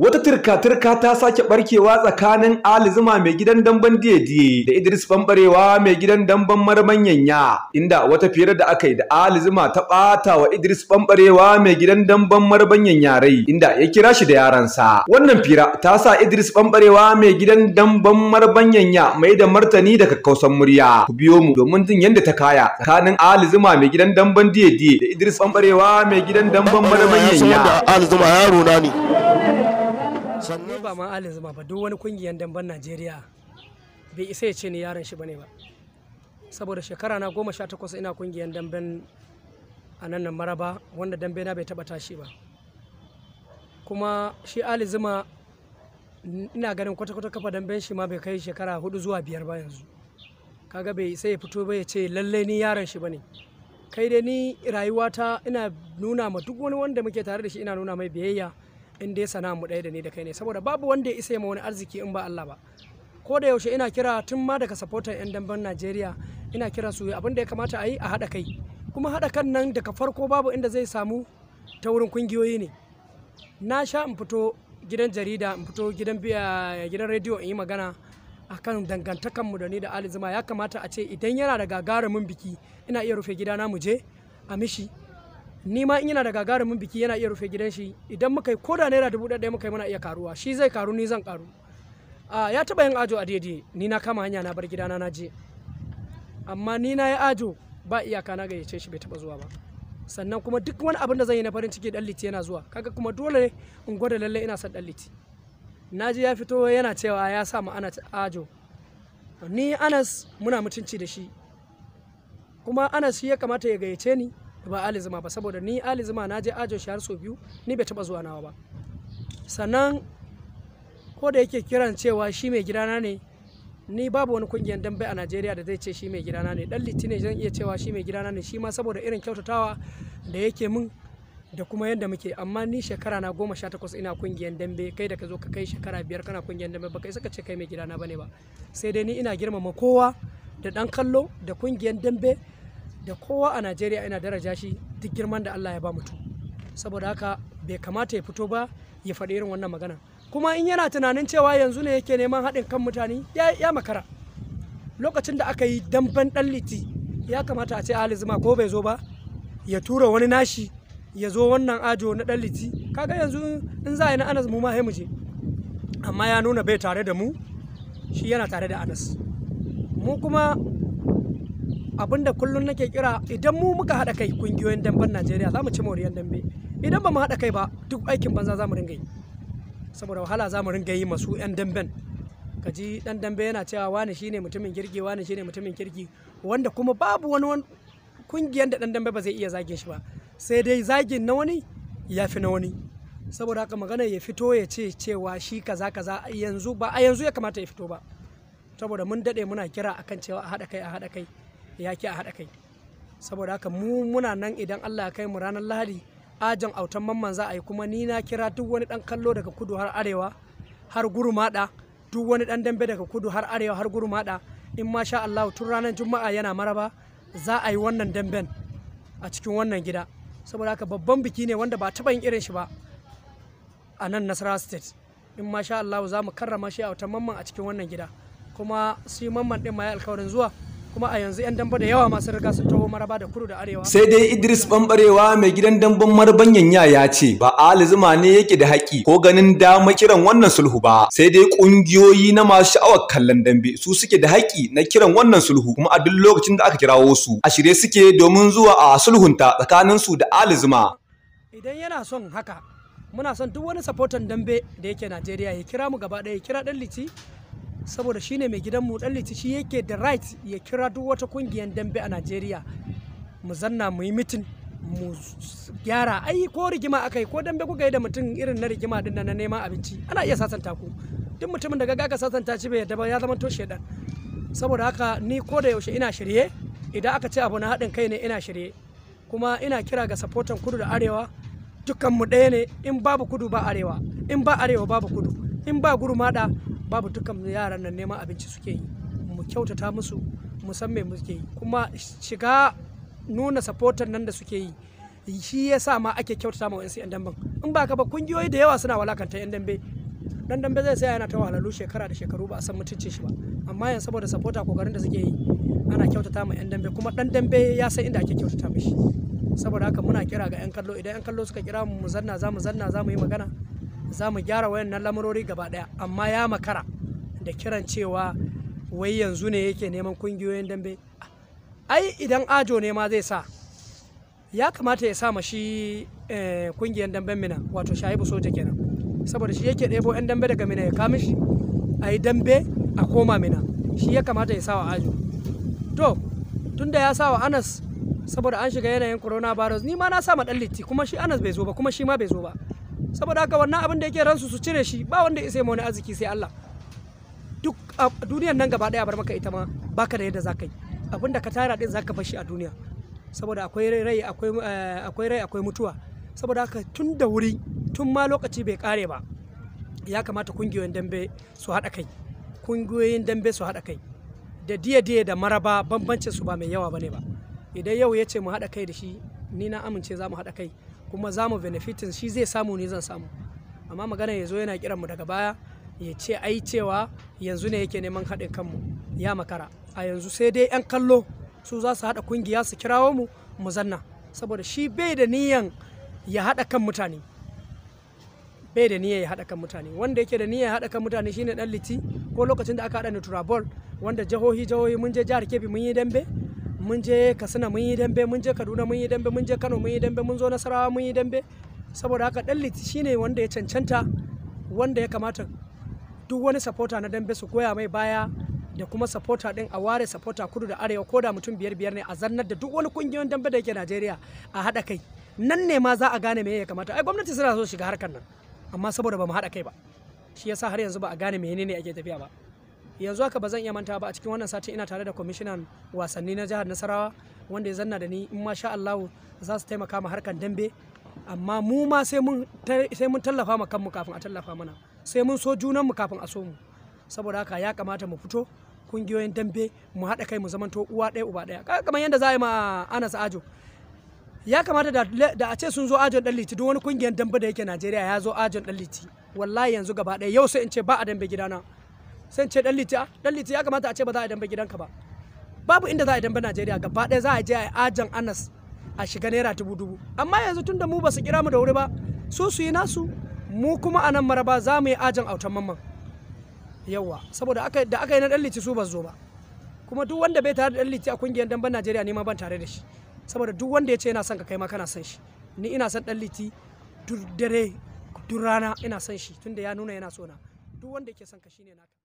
Wata turka-turka ta sake barkewa tsakanin Ali Zuma mai gidan damban Diye da Idris Bambarewa mai gidan damban Marman Yanya, inda wata firar da aka yi da Ali Zuma ta ɓata wa Idris Bambarewa mai gidan damban Marman Yanya rai, inda ya kira shi da yaransa. Wannan fira ta sa Idris Bambarewa mai gidan damban Marman Yanya mai da martani da kakkausan murya. Ku biyo mu domin jin yadda ta kaya tsakanin Ali Zuma mai gidan damban Diye da Idris Bambarewa mai gidan damban Marman Yanya. Ali Zuma yaro na ne. sannan ba ma alin zama ba duk wani kungiyan damban najeriya bai isa ya ce ni yaron shi bane ba saboda shekara na goma sha takwas ina kungiyar damben a nan nan maraba wanda dambe na bai taba tashi ba kuma shi ali zuma ina ganin kwata-kwata kafa damben shi ma bai kai shekara hudu zuwa biyar ba yanzu kaga bai sai ya fito ba ya ce lallai ni yaron shi bane kai dai ni rayuwata ina nuna ma duk wani wanda muke tare da shi ina nuna mai biyayya in dai sana'a mu ɗaya da ni da kai ne saboda babu wanda ya isa ma wani arziki in ba Allah ba ko da yaushe ina kira tun ma daga supporter yan damben Najeriya ina kira su abin da ya kamata a yi a haɗa kai kuma haɗa kan nan daga farko babu inda zai samu ta wurin kungiyoyi ne na sha in fito gidan jarida in fito gidan biya gidan rediyo in yi magana akan dangantakan mu da ni da Ali Zuma ya kamata a ce idan yana da gagarumin biki ina iya rufe gidana mu je a mishi ni ma in yana da gagarumin biki yana iya rufe gidan shi idan muka yi ko da naira dubu ɗaya muka yi muna iya karuwa shi zai karu ni zan karu ya taɓa yin ajo a daidai ni na kama hanya na bar gidana na je amma ni na yi ajo ba iyaka na gayyace shi bai taɓa zuwa ba sannan kuma duk wani abin da zan yi na farin ciki dan liti yana zuwa kaga kuma dole ne in gwada lalle ina son dan liti na ji ya fito yana cewa ya sa mu ana ajo ni anas muna mutunci da shi kuma anas shi ya kamata ya gayyace ni ba ali zuma ba saboda ni ali zuma na je ajo shi har sau biyu ni bai taba zuwa nawa ba sannan ko da yake kiran cewa shi mai gidana ne ni babu wani kungiyar dambe a najeriya da zai ce shi mai gidana ne dan litinin zan iya cewa shi mai gidana ne shi ma saboda irin kyautatawa da yake min da kuma yadda muke amma ni shekara na goma sha takwas ina kungiyar dambe kai da ka zo ka kai shekara biyar kana kungiyar dambe baka isa ka ce kai mai gidana bane ba sai dai ni ina girmama kowa da dan kallo da kungiyar dambe da kowa a najeriya yana daraja shi duk girman da allah ya ba mutum saboda haka bai kamata ya fito ba ya faɗi irin wannan magana kuma in yana tunanin cewa yanzu ne yake neman haɗin kan mutane ya, makara lokacin da aka yi damben ɗan liti ya kamata a ce ali zuma ko bai zo ba ya tura wani nashi ya zo wannan ajo na ɗan liti kaga yanzu in za a yi na anas mu ma mu je amma ya nuna bai tare da mu shi yana tare da anas mu kuma Abin da kullum nake kira idan mu muka haɗa kai kungiyoyin damben najeriya za mu ci moriyar dambe idan ba mu haɗa kai ba duk aikin banza za mu ringa yi saboda wahala za mu ringa yi masu 'yan damben ka ji dan dambe yana cewa wani shine mutumin kirki wani shine mutumin kirki wanda kuma babu wani kungiyar da dan dambe ba zai iya zagin shi ba sai dai zagin na wani ya fi na wani saboda haka magana ya fito ya ce cewa shi kaza kaza yanzu ba a yanzu ya kamata ya fito ba saboda mun daɗe muna kira akan cewa a haɗa kai a haɗa kai ya ki a haɗa kai saboda haka mu muna nan idan Allah ya kai mu ranar Lahadi ajin autan mamman za a yi kuma ni na kira duk wani dan kallo daga kudu har arewa har gurumada duk wani dan dambe daga kudu har arewa har gurmada in ma sha Allah tun ranar juma'a yana maraba za a yi wannan damben a cikin wannan gida saboda haka babban biki ne wanda ba taɓa yin irin shi ba a nan Nasarawa state in ma sha Allah za mu karrama shi autan mamman a cikin wannan gida kuma su mamman din ma ya alkawarin zuwa kuma a yanzu 'yan damba da yawa masu riga sun taho maraba da kudu da arewa. Sai dai Idris Bambarewa mai gidan damban maraban yanya ya ce ba Ali Zuma ne yake da haƙi ko ganin dama kiran wannan sulhu ba sai dai ƙungiyoyi na masu sha'awar kallon dambe su suke da haƙi na kiran wannan sulhu kuma a duk lokacin da aka kirawo su a shirye suke domin zuwa a sulhunta tsakanin su da ali Zuma. Idan yana son haka muna son duk wani sapotan dambe da yake Najeriya ya kira mu gaba ɗaya ya kira ɗan liti saboda shine mai gidanmu dan litici shi yake da right ya kira duk wata kungiyar dambe a najeriya mu zanna mu yi mitin mu gyara ai ko rigima akai ko dambe kuka yi da mutum irin na rigima din na neman abinci ana iya sasanta ku duk mutumin da gaga ka sasanta shi bai yadda ba ya zama to shedan saboda haka ni ko da yaushe ina shirye idan aka ce abu na haɗin kai ne ina shirye kuma ina kira ga sapotan kudu da arewa dukkan mu ɗaya ne in babu kudu ba arewa in ba arewa babu kudu in ba gurmada babu dukkan yaran nan neman abinci suke yi mu kyautata musu musamman mu muke yi kuma shiga nuna supportan nan da suke yi shi ya sa ma ake kyautata ma wa'yansu 'yan dambe in ba ka ba kungiyoyi da yawa suna walakanta 'yan dambe dan dambe zai saya yana ta wahalalu shekara da shekaru ba a san mutuncin shi ba amma yanzu saboda supporter kokarin da suke yi ana kyautata ma 'yan dambe kuma dan dambe ya san inda ake kyautata mishi saboda haka muna kira ga 'yan kallo idan 'yan kallo suka kira mu zanna za mu zanna za mu yi magana za mu gyara wayannan lamurori gaba ɗaya amma ya makara da kiran cewa wai yanzu ne yake neman kungiyoyin dambe ai idan ajo ne ma zai sa ya kamata ya sa ma shi eh, kungiyar damben mina wato shahibu soja kenan saboda shi yake ɗebo 'yan dambe daga mina ya kama shi a yi dambe a koma mina shi ya kamata ya sawa ajo to tunda ya sawa anas saboda an shiga yanayin coronavirus ni ma na sa ma dan litti kuma shi anas bai zo ba kuma shi ma bai zo ba saboda haka wannan abin da yake ransu su cire shi ba wanda isai mu wani arziki sai Allah duk duniyar nan gaba daya bar maka ita ma baka da yadda zaka yi abin da ka tara din zaka bar shi a duniya saboda akwai rai akwai eh, akwai rai akwai mutuwa saboda haka tun da wuri tun ma lokaci bai kare ba ya kamata kungiyoyin dambe su haɗa kai kungiyoyin dambe su haɗa kai da diya-diya da maraba bambancin su ba mai yawa bane ba idan yau ya ce mu haɗa kai da shi ni na amince za mu haɗa kai kuma za mu benefitin shi zai samu ne zan samu amma magana ya zo yana kiran mu daga baya ya ce ai cewa yanzu ne yake neman haɗin kanmu ya makara a yanzu sai dai 'yan kallo su za su haɗa kungiya su kirawo mu mu zanna saboda shi bai da niyan ya haɗa kan mutane bai da niyan ya haɗa kan mutane wanda yake da niyan ya haɗa kan mutane shine dan liti ko lokacin da aka haɗa ni turabol wanda jahohi jahohi mun je jihar kebbi mun yi dambe mun je katsina mun yi dambe mun je kaduna mun yi dambe mun je kano mun yi dambe mun zo nasarawa mun yi dambe saboda haka dan liti shine wanda ya cancanta wanda ya kamata duk wani sapota na dambe su goya mai baya da kuma sapota din a ware sapota kudu da arewa ko da mutum biyar biyar ne a zannar da duk wani kungiyoyin dambe da yake najeriya a hada kai nan ne ma za a gane me ya kamata ai gwamnati suna so shiga harkar nan amma saboda ba mu haɗa kai ba shi yasa har yanzu ba a gane menene ake tafiya ba yanzu haka ba zan iya manta ba a cikin wannan satin ina tare da kwamishinan wasanni na jihar nasarawa wanda ya zanna da ni in ma sha allahu za su taimaka ma harkan dambe amma mu ma sai mun tallafa ma kanmu kafin a tallafa mana sai mun so junanmu kafin a so mu saboda haka ya kamata mu fito kungiyoyin dambe mu haɗa kai mu zamanto uwa ɗaya uba ɗaya kamar yadda za a yi ma anas ajo ya kamata da a ce sun zo ajon ɗan liti duk wani kungiyar dambe da yake najeriya ya zo ajon ɗan liti wallahi yanzu gaba ɗaya yau sai in ce ba a dambe gidana sai ce dan litiya dan litiya ya kamata a ce ba za a dambe gidanka ba babu inda za a dambe Najeriya gaba ɗaya za a je a ajan Anas a shiga naira dubu dubu amma yanzu tunda mu ba su kira mu da wuri ba su su yi nasu mu kuma a nan maraba za mu yi ajan autan mamman yawa saboda da aka yi na dan liti su ba zo ba kuma duk wanda bai tare da dan liti a kungiyar damben Najeriya ne ma ban tare da shi saboda duk wanda ya ce yana son ka kai ma kana son shi ni ina son dan liti duk dare duk rana ina son shi tunda ya nuna yana so na duk wanda yake son ka shine naka